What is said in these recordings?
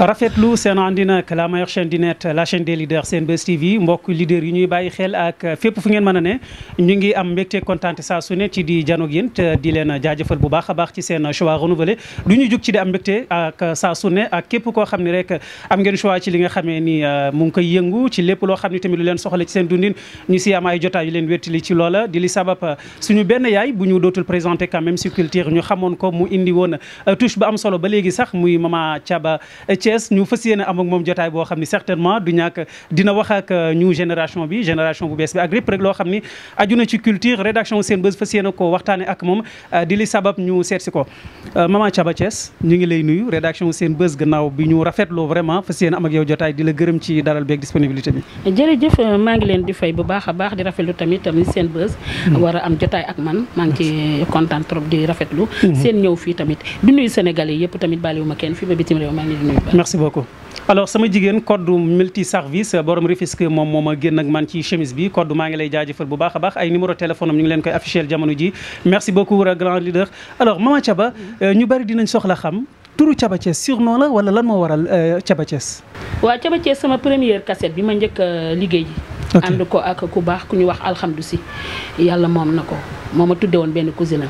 rafetlu seen àndin ak la meilleure chaîne du net la chaîne des leaders Senbuzz TV mbokk leader yi ñuy bàyyi xel ak fépp fu ngeen mën a ne ñu ngi am mbégte kontaan saa su ci di janoog yéen di leen jaajëfal bu baax a baax ci seen choix renouvelé du ñu jug ci di am mbégte ak saa su ak képp koo xam ne rek am ngeen choix ci li nga xamee ni euh, mu ngi koy yëngu ci lépp loo xam ne tamit lu leen soxla ci seen dundin ñu si am ay jotaay yu leen wéttali ci loola di li sabab euh, suñu benn yaay bu ñu dootul présenté quand même si culture ñu xamoon ko mu indi woon euh, touche am solo ba léegi sax muy mama Thiaba Thiès ñu fas yéene am moom jotaay boo xam ne certainement du ñàkk dina wax ak euh, ñu génération bi génération bu bees bi ak lépp rek loo xam ni aju na ci culture rédaction Senbuzz fas yéene ko waxtaane ak moom euh, di li sabab ñu seet si ko euh, maman Thiaba Thiès ñu ngi lay nuyu rédaction Senbuzz gannaaw bi ñu rafetloo vraiment fas yéene am ak yow jotaay di la gërëm ci daral beeg disponibilité bi jërëjëf maa ngi leen di fay bu baax a baax di rafetlu tamit tamit Senbuzz hmm. war a am ak man maa ngi ci kontaan trop di rafetlu hmm. seen ñëw fii tamit di nuyu sénégalais yëpp tamit bàyyiwuma kenn fii ba bitim merci beaucoup alors sama jigéen code multi service borom Rufisque moom moo ma génn ak man ci chemise bi code maa ngi lay jaajëfal bu baax a baax ay numéro téléphone am ñu ngi leen koy affiché jamono ji merci beaucoup grand leader alors Mama Thiaba euh, ñu bari dinañ soxla xam turu Thiaba Thiès surnom la wala lan moo waral euh, Thiaba waa waaw Thiaba Thiès sama première cassette bi ma njëkk euh, liggéey ji ànd ko ak ku baax ku ñu wax alhamdu si yàlla moom na ko moo ma tudde woon benn cousine am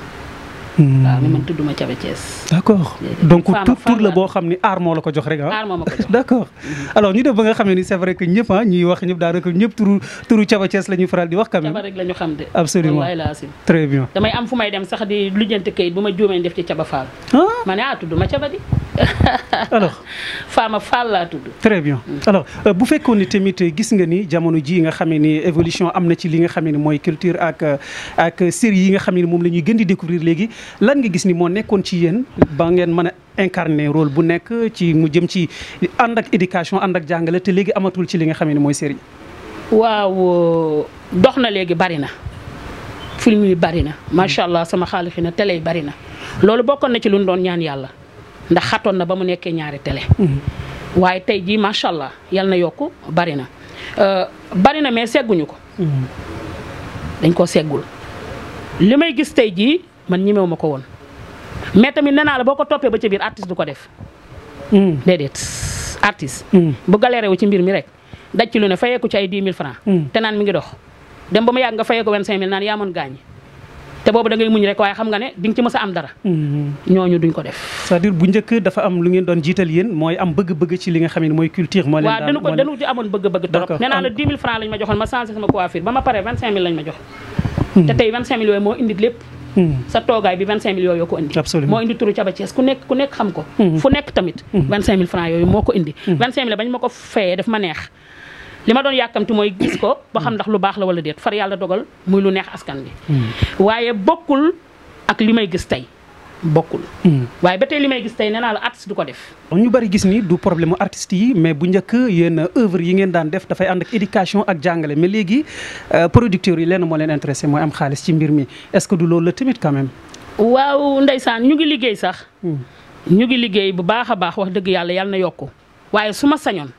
Hmm. waaw ni man tudduma Cabe Thiès. d' accord donc tur tur la boo xam ni aar moo ko jox rek ah. aar moo ko jox d' accord. Mhm. alors ñu def ba nga xam ni c' ah, ñëpp turu turu Cabe faral di wax. quand absolument wallaay bien am fu may dem sax di lijjanti kayit bu ma ah? ma ne ah tudduma alors Fama Fall laa tudd. très bien mm. alors euh, bu fekkoon ni tamit euh, gis nga ni jamono ji nga xamee ni évolution am na ci li nga xamee ni mooy culture ak euh, ak série yi nga xam ne moom la ñuy gën di découvrir léegi lan nga gis ni moo nekkoon ci yéen ba ngeen mën a incarner role bu nekk ci mu jëm ci ànd ak éducation ànd ak jàngale te léegi amatul ci li nga xam ne mooy série. waaw dox na léegi bari na. film yi bari na mm. macha allah sama xaalis na télé yi bari na loolu bokkoon na ci lu doon ñaan yàlla. ndax xatoon na ba mu nekkee ñaari tele mm-hmm. waaye tey jii macha allah yal na yokk bari na euh, bari na mais segguñu ko. Mm-hmm. dañ koo seggul li may gis tey jii man ñemewu ma ko woon mais tamit nee naa la boo ko toppee ba ci biir artiste du ko def. Mm-hmm. déedéet artiste. bu galéré wu ci mbir mi rek daj ci lu ne fayeeku ci ay 10 000 francs te naan mi ngi dox dem ba mu yàgg nga fayee ko 25000 naan yaa gaañ. boobu da ngay muñ rek waaye xam nga ne di ci mës a am dara mm-hmm. ñooñu duñ ko def cest à bu njëkk dafa am lu ngeen doon jiital yéen mooy am bëgg-bëgg ci li nga xam ne mooy culture moo leen nee naa la 10 000 mm-hmm. moo indit lépp mm-hmm. sa toogaay bi 25 000 yooyu ko indi moo indi turu Thiaba Thiès ku nekk ku nekk xam ko fu nekk tamit 25 000 francs yooyu moo ko indi 25 000 bañ ma ko fayee daf ma neex li ma doon yàkkamti mooy gis ko ba xam ndax lu baax la wala déet far yàlla dogal muy lu neex askan bi hmm. waaye bokkul ak li may gis tey bokkul hmm. waaye ba tey li may gis tey nee naa la artiste du ko def ñu bari gis ni du problème mu yi mais bu njëkk yéen œuvre yi ngeen daan def dafay ànd ak éducation ak jàngale mais léegi euh, producteurs yi lenn moo leen intéressé mooy am xaalis ci mbir mi est-ce que du loolu la tamit quand même waaw ndeysaan ñu ngi liggéey sax hmm. ñu ngi liggéey bu baax a baax wax dëgg yàlla yàlla na yokku waaye su sañoon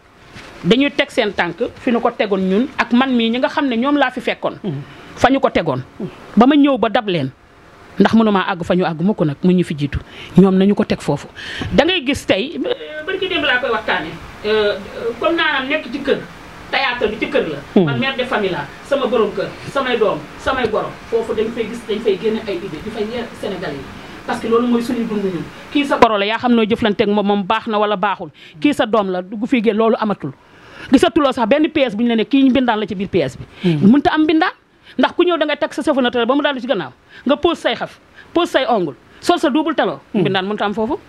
dañuy teg seen tànk fi ñu ko tegoon ñun ak man mii ñi nga xam ne ñoom laa fi fekkoon. Mm. fa ñu ko tegoon. ba ma ñëw ba dab leen ndax mënumaa àgg fa ñu àgg mukk nag mu ñu fi jiitu ñoom nañu ko teg foofu. da ngay gis tey barki démb laa koy waxtaane euh, comme naanaam nekk ci kër théâtre bi ci kër la. Mm. man mère sama borom kër samay doom samay goro foofu dañ gis dañ fay génne ay idée di fay yee Sénégalais yi. parce loolu mooy suñu dund ñun kii sa goro la yaa xam noo jëflanteeg moom moom baax na wala baaxul kii sa doom la du fi génn loolu amatul. gisatuloo sax benn pièce bu ñu la ne kii ñu bindaan la ci biir pièce bi mënta hmm. am bindaan ndax ku ñëw da ngay teg sa safonatale ba mu daal si ci gannaaw nga pose say xaf pose say ongle sol sa double talon hmm. bindaan mënta am foofu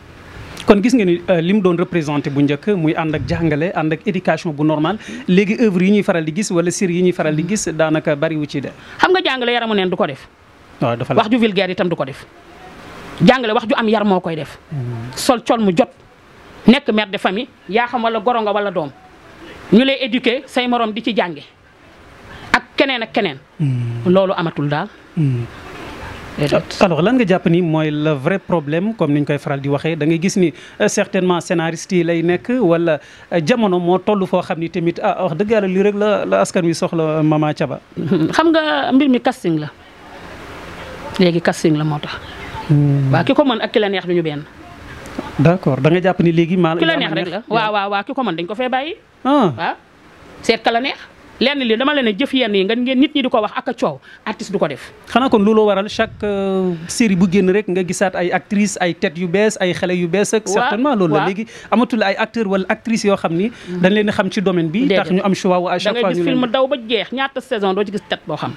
kon gis nga ni euh, li mu doon représenté bu njëkk muy ànd ak jàngale ànd ak éducation bu normal léegi œuvre yi ñuy faral di gis wala série yi ñuy faral di gis daanaka bari wu ci de xam nga jàngale yaramu neen du ko def waaw dafa wax ju vulgaire itam du ko def jàngale wax ju am yar moo koy def hmm. sol col mu jot nekk mère de famille yaa xam wala goro nga wala doom ñu lay éduquer say morom di ci jànge ak keneen ak keneen. Hmm. loolu amatul daal. Hmm. alors lan nga jàpp ni mooy le vrai problème comme ni koy faral di waxee da ngay gis ni euh, certainement scénariste yi lay nekk wala euh, jamono moo toll foo xam ni tamit ah wax dëgg yàlla lii rek la la askan wi soxla Mama Thiaba. xam nga mbir mi casting la léegi casting la moo tax. Hmm. waa ki ko mën ak ki la neex du ñu benn. d' accord da nga jàpp ni léegi maa. ki la neex rek la waaw waaw ki ko mën dañ ko fee bàyyi. Ah. waaw seet ka la neex. lenn li dama leen a jëf yenn yi nga ngeen nit ñi di ko wax ak a coow artiste du ko def. xanaa kon looloo waral chaque euh, série bu génn rek nga gisaat ay actrices ay têtes yu bees ay xale yu bees ak. certainement loolu la léegi amatul ay acteur wala actrice yoo xam ni. Mm. dañ leen a xam ci domaine bi. tax ñu am choix à chaque fois ñu film daw ba jeex ñaata saison doo ci gis tête boo xam.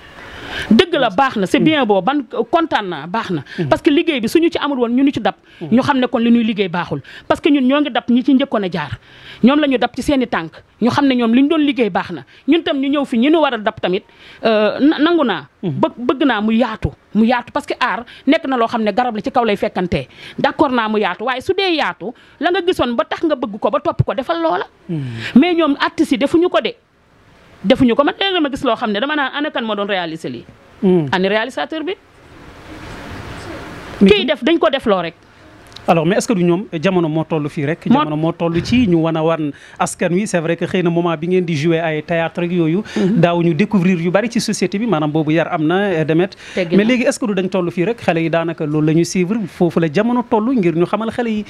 dëgg la baax na c'est bien boo ban kontaan naa baax na parce que liggéey bi suñu ci amul woon ñu nu ci dab ñu xam ne kon li liggéey baaxul parce que ñun ñoo ngi dab ñi ci njëkkoon a jaar ñoom la ñu dab ci seen tànk ñu xam ne ñoom li ñu doon liggéey baax na ñun tam ñu ñëw fii ñu ñu war a dab tamit euh, nangu naa bë bëgg naa mu yaatu mu yaatu parce que aar nekk na loo xam ne garab la ci kaw lay fekkantee d'accord naa mu yaatu waaye su dee yaatu la nga gisoon ba tax nga bëgg ko ba topp ko defal loola hmm. mais ñoom artistes yi defuñu ko de defuñu ko man dégg ma gis loo xam ne dama naan ana kan moo doon réaliser lii. Hmm. ani réalisateur bi. kii def dañ ko def loo rek. alors mais est-ce que du ñoom jamono moo toll fii rek. jamono moo toll ci ñu wan a wan askan wi c'est vrai que xëy na moment bi ngeen di jouer ay théâtre ak yooyu. Mhm. daaw ñu découvrir yu bari ci société bi maanaam boobu yar am na eh, demet mais léegi est-ce que du dañ toll fii rek xale yi daanaka loolu lañu ñu foofu la jamono toll ngir ñu xamal xale yi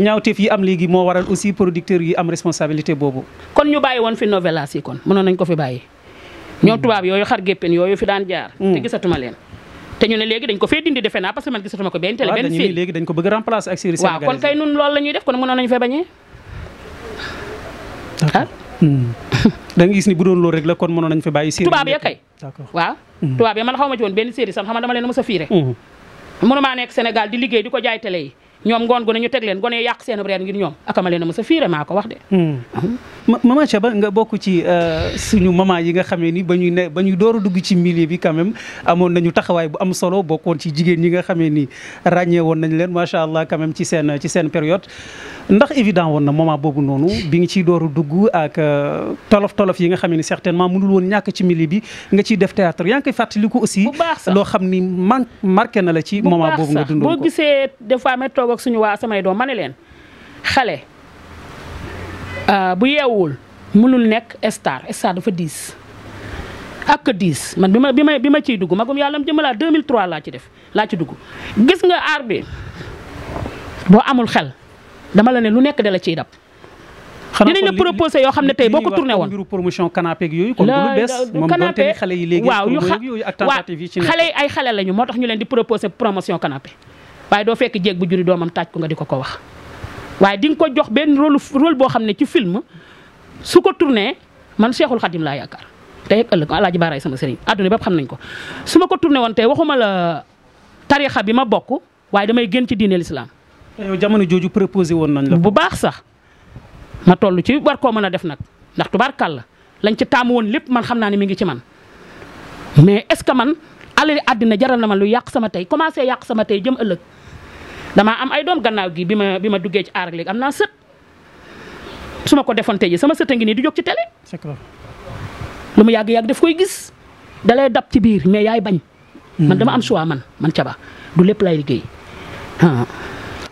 ñaawteef yi am léegi moo waral aussi producteurs yi am responsabilité boobu. kon ñu bàyyi woon fi novelas yi kon mënoon nañ ko fi bàyyi. ñoom mm. tubaab yooyu xar géppin yooyu fi daan jaar. Mm. te gisatuma leen. te ñu ne léegi dañ ko fee dindi defe naa parce que man gisatuma ko benn télé benn fii dañ ko bëgg a remplacer ak série sénégalaise waaw hmm. da nga ni bu doon loolu rek la mënoon nañu fi bàyyi série tubaab ya kay waaw hmm. tubaab ya man xaw ma ci woon benn série sax xam nga dama leen mos a fiire hmm. mënumaa nekk Sénégal di liggéey di ko jaay télé yi ñoom ngoon gu ne ñu teg leen gone yàq seen reer ngir ñoom akama leen a fiire maa wax de. Hmm. maman Thiaba nga bokk ci euh, suñu maman yi nga xamee ni ba ñuy ne ba ñuy door a dugg ci milieu bi quand même amoon nañu taxawaay bu am solo bokkoon ci jigéen ñi nga xame ni ràññee woon nañ leen macha allah quand même ci seen ci seen période. ndax évident woon na moment boobu noonu bi nga ciy door dugg ak euh, tolof tolof yi nga xamee ni certainement mënul woon ñàkk ci milieu bi nga ciy def théâtre yaa ngi koy fàttaliku aussi. loo xam ni man marqué na la ci moment boobu nga dund toog ak suñu waa samay doom ma ne leen xale euh, bu yeewul mënul nekk star star dafa diis ak diis man bi ma bi ma bi ma ciy dugg magum yàlla mu jëmmalaa 2003 laa ci def laa ci dugg gis nga aar bi boo amul xel dama la ne lu nekk da la ciy dab. dinañ la proposé yoo xam ne tey boo ko tourné woon mbiru promotion canapé yooyu kon lu bees moom donte ni xale yi waaw yu xale yi ay xale lañu moo tax ñu leen di proposé promotion canapé waaye doo fekk jéeg bu juri doomam taaj ko nga di ko ko wax waaye di nga ko jox benn rôle boo xam ne ci film su ko tourné man Cheikhul Khadim laa yaakaar tey ak ëllëg alaaji baaraay sama sëriñ adduna bépp xam nañ ko su ma ko tourné woon tey waxuma la tarixa bi ma bokk waaye damay gën ci diine l'islam yow jamono jooju proposé woon nañ la bu baax sax ma toll ci war koo mën a def nag ndax la lañ ci taamu woon lépp man xam naa ne mi ngi ci man alali àddina jaral na ma lu yàq sama tey commencé yàq sama tey jëm ëllëg damaa am ay doom gannaaw gi bi ma bi ma duggee ci aar léegi am naa sët su ma ko defoon tey ji sama sët a ngi nii du jóg ci tele lu mu yàgg yàgg daf koy gis da lay ci biir mais yaay bañ. man hmm. dama am choix man man caba du lépp lay liggéey. Ah.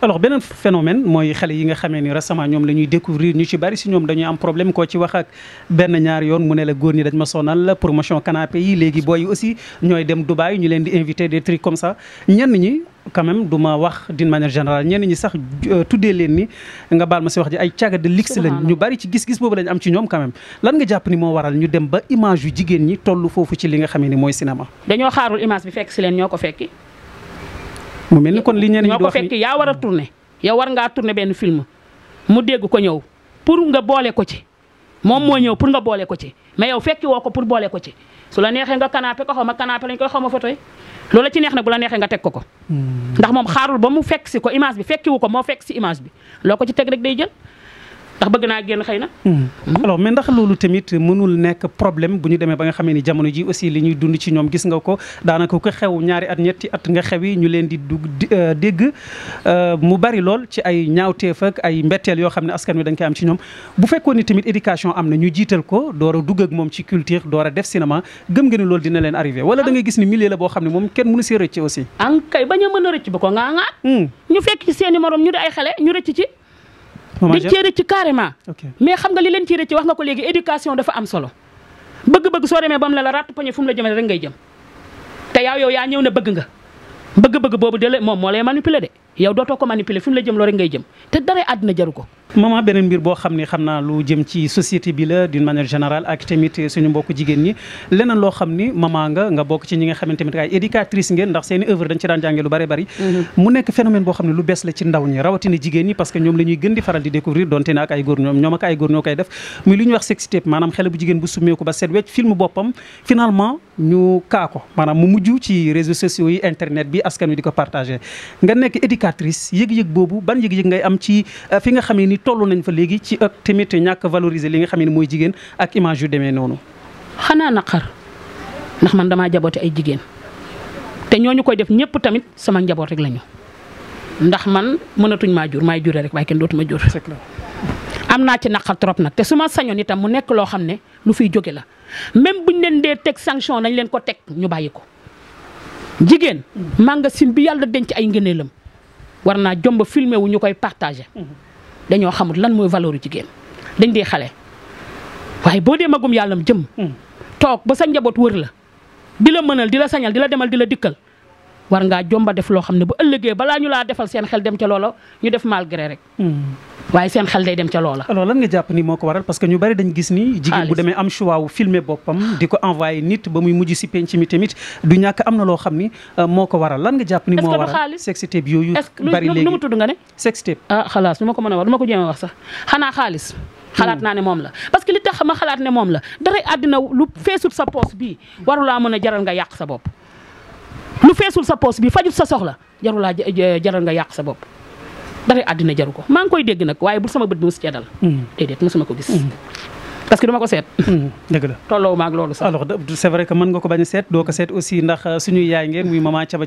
alors beneen phénomène mooy xale yi nga xamee ni récemment ñoom la ñuy ñu ci bari si ñoom dañuy am problème koo ci wax ak benn ñaar yoon mu ne la góor ñi dañ ma sonal promotion canapé yi léegi booy yi aussi ñooy dem Dubaï ñu leen di invité des trucs comme ça ñenn ñi quand même du ma wax d'une manière générale ñenn ñi sax euh, tuddee leen ni nga baal ma si wax ji ay caga de luxe lañ ñu bari ci gis-gis boobu lañ am ci ñoom quand lan nga jàpp ni moo waral ñu dem ba image yu jigéen ñi toll foofu ci li nga xamee ni mooy cinéma mu mel ni kon li ñeneen ñi di wax fekk yaa war a tourné yow war ngaa tourné benn film mu dégg ko ñëw pour nga boole ko ci moom moo ñëw pour nga boole ko ci mais yow fekki woo ko pour boole ko ci su la neexee nga canapé ko xaw ma canapé lañ koy xaw ma fotoy loolu ci neex na bu la neexee nga teg ko ko. Hmm. ndax moom xaarul ba mu fekk si ko image bi fekkiwu ko moo fekk si image bi loo ko ci teg rek day jël. ndax bëgg naa génn xëy na. Hmm. Hmm? alors mais ndax loolu tamit mënul nekk problème bu ñu demee ba nga xamee ni jamono ji aussi li ñuy dund ci ñoom gis nga ko daanaka ko xew ñaari at ñetti at nga xewi ñu leen di dugg euh, dégg euh, mu bari lool ci ay ñaawteef ak ay mbetteel yoo xam ne askan wi dañ koy am ci ñoom. bu fekkoon ni tamit éducation am na ñu jiital ko door a dugg moom ci culture door a def cinéma gëm nga ni loolu dina leen arrivé wala da nga gis ni milieu la boo xam ne moom kenn mënu see rëcc aussi. an a dañ cee rëcc carrément mais xam nga li leen cee rëcc wax nga ko léegi éducation dafa am solo bëgg-bëgg soo demee ba mu la la ràtt poñe fu mu la jëmale rek ngay jëm te yaaw yow yaa ñëw ne bëgg nga bëgg-bëgg boobu de moom moo lay manipuler de yow dootoo ko manipuler fi mu la jëm loo rek ngay jëm te dara àddina jaru ko. maman beneen mbir boo xam ne xam naa lu jëm ci société bi la d'une manière générale ak tamit suñu mbokk jigéen ñi leneen loo xam ni maman nga nga bokk ci ñi nga xamante tamit ay éducatrice ngeen ndax seen i œuvre dañ ci daan jàngee lu bari bari. Mm-hmm. mu nekk phénomène boo xam ne lu bees la ci ndaw ñi rawatina jigéen ñi parce que ñoom la ñuy gën di faral di découvrir donte ne ak ci réseaux internet bi askan wi di ko partagé nga cicatrice yëg-yëg boobu ban yëg-yëg ngay am ci euh, fi nga xam ne ni toll nañ fa léegi ci ak tamit ñàkk valoriser li nga xam ne mooy jigéen ak image yu demee noonu. xanaa naqar ndax man damaa jaboote ay jigéen te ñooñu koy def ñëpp tamit sama njaboot rek lañu ndax man mënatuñ maa jur maay jure rek waaye kenn dootuma jur. am naa ci naqar trop nag te su ma sañoon itam mu nekk loo xam ne lu fiy jóge la même buñ leen dee teg sanction lañ leen ko teg ñu bàyyi ko jigéen. mànga mm. sim bi yàlla denc ay ngëneelam. war naa jomba filmer wu ñu koy partagé dañoo xamul lan mooy valeur jigéen dañ dee xale waaye boo dee magum yàllam jëm hmm. toog ba sa njaboot wër la di la mënal di la sañal di la demal di la dikkal war ngaa jomba def loo xam ne bu ëllëgee balaa ñu laa defal seen xel dem ca loola ñu def malgré rek. Hmm. waaye seen xel day dem ca loola. alors lan nga jàpp ni moo ko waral parce que ñu bari dañ gis ni. jigéen bu demee am choix wu filmer boppam. di ko envoyé nit ba muy mujj si penc mi tamit du ñàkk am na loo xam ni euh, moo ko waral lan nga jàpp ni. moo waral sex tape yooyu. bari léegi est ce que lu mu tudd nga ne. sex tape ah ma ko mën a wax ma ko jéem a wax sax xanaa xaalis. xalaat hmm. naa ne moom la parce que li tax ma xalaat ne moom la dara àddina lu feesut sa poos bii laa mën a jaral nga yàq sa bopp lu feesul sa poos bi fajul sa soxla jarulaa jaral nga yàq sa bopp dara àddina jaru ko maa ngi koy dégg nag waaye bul sama bët bi mos cee dal mm. déedéet mosuma ko gis mm. parce que duma ko seet. Mm, dëgg la tolloo maag loolu sax. alors a seet doo ko seet aussi ndax euh, suñuy yaay ngeen muy maman Thiaba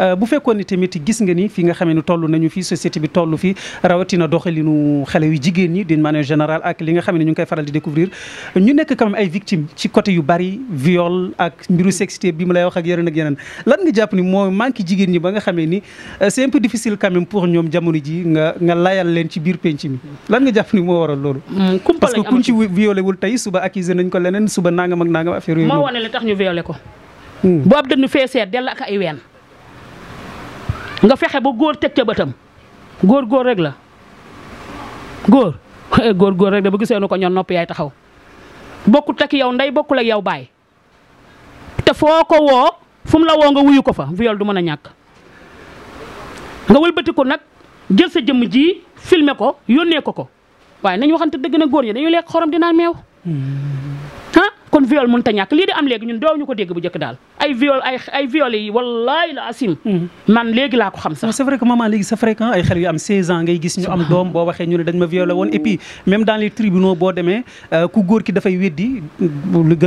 euh, bu fekkoon ni tamit gis nga ni fi nga xamee ni toll nañu fii société bi toll fii rawatina doxalinu xale yu jigéen ñi d'une manière générale ak li nga xam ne ñu ngi koy faral di découvrir ñu nekk quand même ay victimes ci côté yu bari viol ak mbiru sexualité bi mu lay wax ak yeneen ak yeneen lan nga jàpp ni moo manqué jigéen ñi ba nga xamee ni euh, c'est un peu difficile quand même pour ñoom jamono ji nga nga layal leen ci biir penc mi lan nga jàpp ni moo wul tey suba accusé nañ ko leneen suba nangam ak nangam affaire yooyu. moo wane li tax ñu violé ko. Hmm. bu ab dënnu fee seet dell ak ay ween. nga fexe ba góor teg ca bëtam góor góor rek la góor góor góor rek la bu gisee nu ko ñoom nopp yaay taxaw bokkut ak yow ndey bokkul ak yow baay te foo ko woo fu la woo nga wuyu ko fa viol du mën a ñàkk. nga wëlbati nag jël sa jëmm ji filmer ko yónnee ko ko. waaye nañu waxante dëgg na góor ñi dañuy lekk xorom dinaa meew. Hmm. kon viol mënut a ñàkk lii di am léegi ñun doo ñu ko dégg bu njëkk daal ay viol yi wallaahi la asim hmm. man léegi laa ko xam sax c'est vrai que maman léegi c'est fréquent ay xel yu am 16 ans ngay am doom boo waxee ñu ne dañ ma violé woon et puis même dans les euh,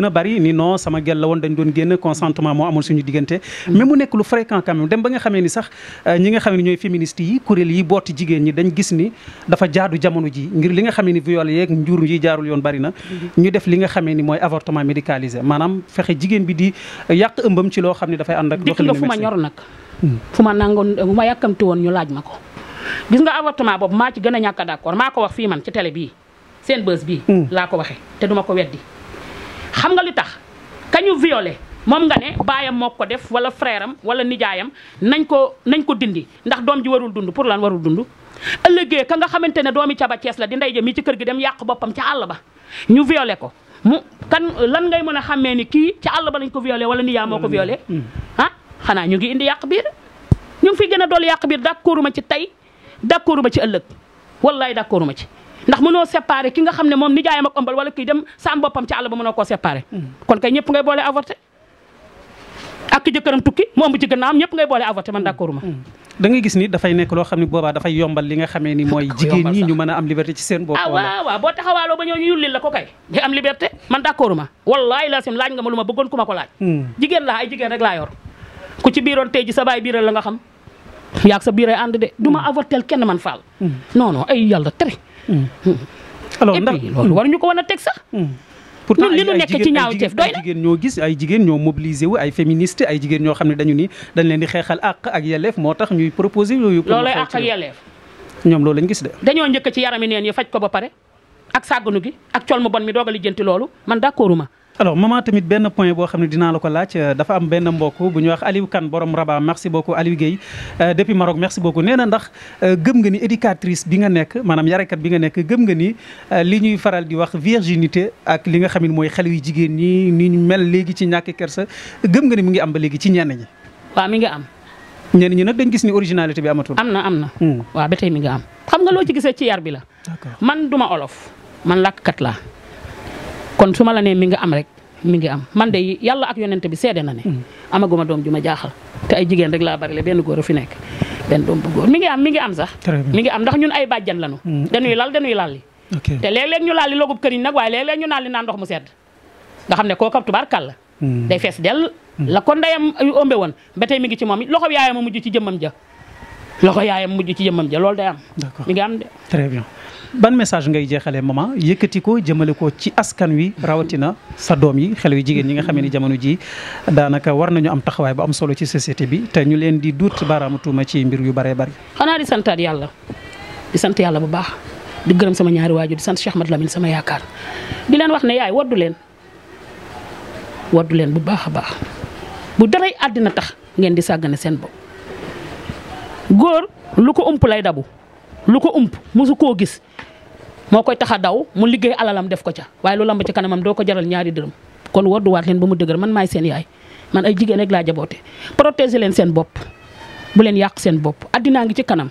a bari ni non sama gel woon dañ doon génn consentement moo amoon suñu diggante hmm. mais mu nekk lu fréquent quand même dem ba nga xamee ni sax euh, ñi nga xamee ni ñooy féministes yi kuréel yi booti jigéen ñi dañ gis ni dafa jaadu jamono ji ngir li nga xamee ni viol yeeg njur yi jaarul yoon bari na hmm. ñu def li nga xamee ni mooy avortement accouchement médicalisé maanaam fexe jigéen bi di yàq ëmbam ci loo xam ne dafay ànd ak dikk nga fu ma ñor nag hmm. fu ma nangoon ma yàkkamti woon ñu laaj ma ko gis nga avortement boobu maa ci gën a ñàkka a d'accord maa ko wax fii man ci télé bii seen bës bii hmm. laa ko waxee te duma ko weddi xam nga li tax ka ñu viole moom nga ne baayam moo ko def wala frère am nijaayam nañ ko nañ ko dindi ndax doom ji warul dund pour lan warul dund ëllëgee ka nga xamante ne doomi caba cees la di ndey ja ci kër gi dem yàq boppam ca àll ba ñu mu kan lan ngay mën a xàmmee ni kii ci àll ba lañ ko violé wala ni yaa moo ko violé mm. Mm. ah xanaa ñu ngi indi yàq biir ñu ngi fi gën a dool yàq biir d'accord ma ci tey d'accord ma ci ëllëg wallaay d'accord ma ci ndax noo séparer ki nga xam ne moom nijaayam ak ëmbal wala kii dem sam boppam ci àll ba mënoo koo séparer mm. kon kay ñëpp ngay boole avorté ak ki jëkkëram tukki moom bu ci gën a am ñëpp ngay boole avorté man d'accord ma dangay gis ni dafay nekk loo xam ne boobaa dafay yombal li nga xamee ni mooy jigéen ñi ñu mën a am liberté ci seen bopp ah waaw waaw boo ba ñëw ñu yullil la ko kay di am liberté man d'accord ma wallaahi la sim laaj nga ma lu ma bëggoon ku ma ko laaj hmm. jigéen laa ay jigéen rek laa yor ku ci biiroon tey sa baay biiral la nga xam yaag sa biir ay ànd de du ma hmm. avortel kenn man faal hmm. non non ay yàlla tere alors ndax loolu waruñu ko wan a teg sax pourtant li nu nekk ci ñaawteef jigéen ñoo gis ay jigéen ñoo mobilisé wu ay féministe ay jigéen ñoo xam ne dañu ni dañ leen di xeexal àq ak yelleef moo tax ñuy proposé yooyu loolay àq ak yelleef ñoom loolu lañ gis de dañoo njëkk ci yaram yarami neen yi faj ko ba pare ak sàgganu gi ak col mu bon mi doog a lijjanti loolu man d'accorduma alors maman tamit benn point boo xam ne dinaa la ko laaj euh, dafa am benn mbokk bu ñuy wax Aliou Kane borom Rabat merci beaucoup Aliou Guèye euh, depuis Maroc merci beaucoup nee na ndax euh, gëm nga ni éducatrice bi nga nekk maanaam yarekat bi nga nekk gëm nga ni li ñuy faral di wax virginité ak li nga xam ne mooy xale yu jigéen ñi ni ñu mel léegi ci ñàkk kersa gëm nga ni mu ngi am ba léegi ci ñenn ñi. waaw mi ngi am. ñenn ñi nag dañ gis ni originalité bi amatul. am na am na. Hmm. waa ba tey mi ngi am xam nga loo ci gisee ci yar bi la. man duma olof man làkkat laa. kon su ma la nee mi ngi am rek mi ngi am man de yàlla ak yonent bi seede na ne. Hmm. amaguma doom ju ma jaaxal te ay jigéen rek laa bari la benn góor a fi nekk benn doom bu góor mi ngi am mi ngi am sax. mi ngi am ndax ñun ay bàjjan lañu. Hmm. dañuy lal dañuy lal li te léeg-léeg ñu laal li logub këriñ nag waaye léeg-léeg ñu naan li ndox mu sedd nga xam ne koo kooka tubaarkàlla hmm. day fees dell kon ko ndeyam ëmbe woon ba tey mi ngi ci moom loxo yaayam mujj ci jëmmam ja loxo yaayam mujj ci jëmmam ja loolu day am mi ngi am de très ban message ngay jeexale maman yëkkati ko jëmale ko ci askan wi rawatina sa doom yi xel yu jigéen ñi nga xam ni jamono ji daanaka war nañu am taxawaay bu am solo ci société bi te ñu leen di duut baaraamu tuuma ci mbir yu bëree bëri. xanaa di santaat yàlla di sant yàlla bu baax di gërëm sama ñaari waaju di sant Cheikh Ahmad Lamine sama yaakaar di leen wax ne yaay waddu leen waddu leen bu baax a baax bu daray àddina tax ngeen di sàggane seen bopp góor lu ko ëmp lay dabu. lu ko ump mosu koo gis moo koy tax a daw mu liggéey alalam def ko ca waaye lu lamb ci kanamam doo ko jaral ñaari dërëm kon wodduwaat leen ba mu dëgër man maay seen yaay man ay jigéen rek laa jaboote protéger leen seen bopp bu leen yàq seen bopp addinaa ngi ci kanam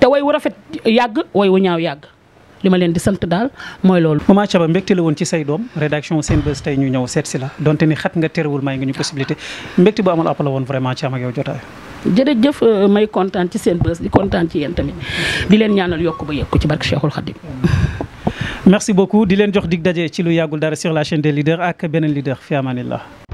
te way wu rafet yàgg way wu ñaaw yàgg li ma leen di sant daal mooy loolu. maman Thiaba mbégte la woon ci say doom rédaction Senbuzz tey ñu ñëw seet si la donte ni xat nga terewul may nga ñu possibilité mbégte bu amal app la woon vraiment ci am ak yow jërëjëf euh, may kontaan ci seen bés di kontaan ci yéen tamit di leen ñaanal yokk ba yëg ko ci barke Cheikhul Khadim. merci beaucoup di leen jox dig daje ci lu yàggul dara sur la de des leaders ak beneen leader fi amanillah